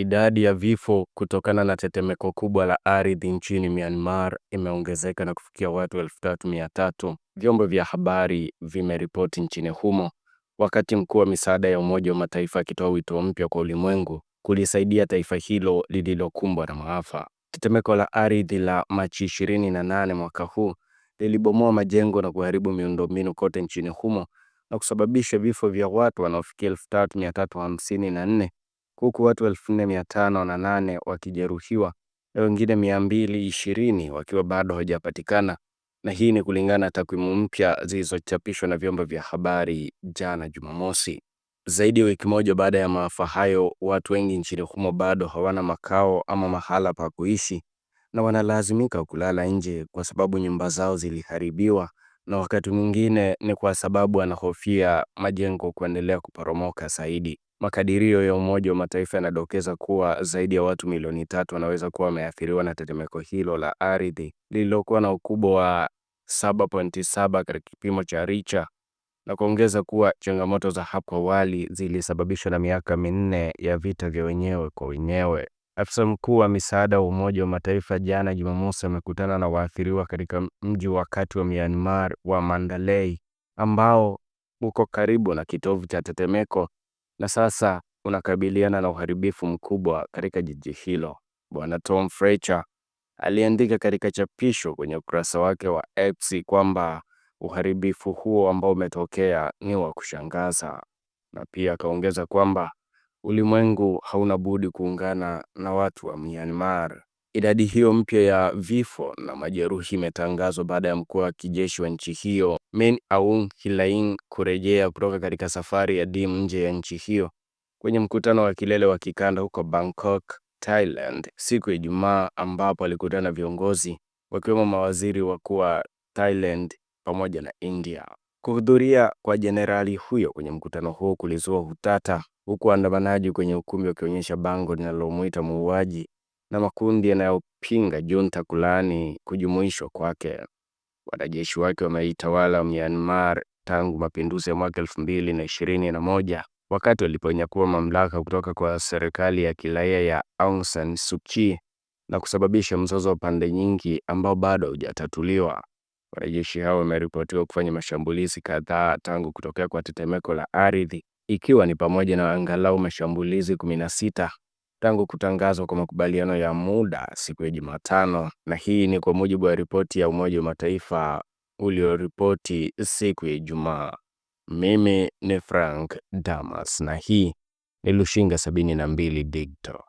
Idadi ya vifo kutokana na tetemeko kubwa la ardhi nchini Myanmar imeongezeka na kufikia watu 3300, vyombo vya habari vimeripoti nchini humo, wakati mkuu wa misaada ya Umoja wa Mataifa akitoa wito mpya kwa ulimwengu kulisaidia taifa hilo lililokumbwa na maafa. Tetemeko la ardhi la Machi 28 mwaka huu lilibomoa majengo na kuharibu miundombinu kote nchini humo na kusababisha vifo vya watu wanaofikia 3354 huku watu elfu wakijeruhiwa na wengine 220 wakiwa bado hawajapatikana, na hii ni kulingana na takwimu mpya zilizochapishwa na vyombo vya habari jana Jumamosi. Zaidi ya wiki moja baada ya maafa hayo, watu wengi nchini humo bado hawana makao ama mahala pa kuishi na wanalazimika kulala nje kwa sababu nyumba zao ziliharibiwa, na wakati mwingine ni kwa sababu wanahofia majengo kuendelea kuporomoka zaidi. Makadirio ya Umoja wa Mataifa yanadokeza kuwa zaidi ya watu milioni tatu wanaweza kuwa wameathiriwa na tetemeko hilo la ardhi lililokuwa na ukubwa wa 7.7 katika kipimo cha Richter na kuongeza kuwa changamoto za hapo awali zilisababishwa na miaka minne ya vita vya wenyewe kwa wenyewe. Afisa mkuu wa misaada wa Umoja wa Mataifa jana Jumamosi amekutana na waathiriwa katika mji wa kati wa Myanmar wa Mandalay ambao uko karibu na kitovu cha tetemeko na sasa unakabiliana na uharibifu mkubwa katika jiji hilo. Bwana Tom Fletcher aliandika katika chapisho kwenye ukurasa wake wa X kwamba uharibifu huo ambao umetokea ni wa kushangaza, na pia akaongeza kwamba ulimwengu hauna budi kuungana na watu wa Myanmar. Idadi hiyo mpya ya vifo na majeruhi imetangazwa baada ya mkuu wa kijeshi wa nchi hiyo Min Aung Hlaing kurejea kutoka katika safari ya dimu nje ya nchi hiyo kwenye mkutano wa kilele wa kikanda huko Bangkok, Thailand siku ya Ijumaa, ambapo alikutana na viongozi wakiwemo mawaziri wakuu wa Thailand pamoja na India. Kuhudhuria kwa jenerali huyo kwenye mkutano huo kulizua hutata, huku waandamanaji kwenye ukumbi wakionyesha bango linalomwita muuaji na makundi yanayopinga junta kulani kujumuishwa kwake. Wanajeshi wake wameitawala Myanmar tangu mapinduzi ya mwaka elfu mbili na ishirini na moja wakati waliponyakua mamlaka kutoka kwa serikali ya kiraia ya Aung San Suu Kyi na kusababisha mzozo wa pande nyingi ambao bado haujatatuliwa. Wanajeshi hao wameripotiwa kufanya mashambulizi kadhaa tangu kutokea kwa tetemeko la ardhi, ikiwa ni pamoja na angalau mashambulizi 16 tangu kutangazwa kwa makubaliano ya muda siku ya Jumatano, na hii ni kwa mujibu wa ripoti ya Umoja wa Mataifa ulioripoti siku ya Ijumaa. Mimi ni Frank Damas na hii ni Lushinga 72 Digital.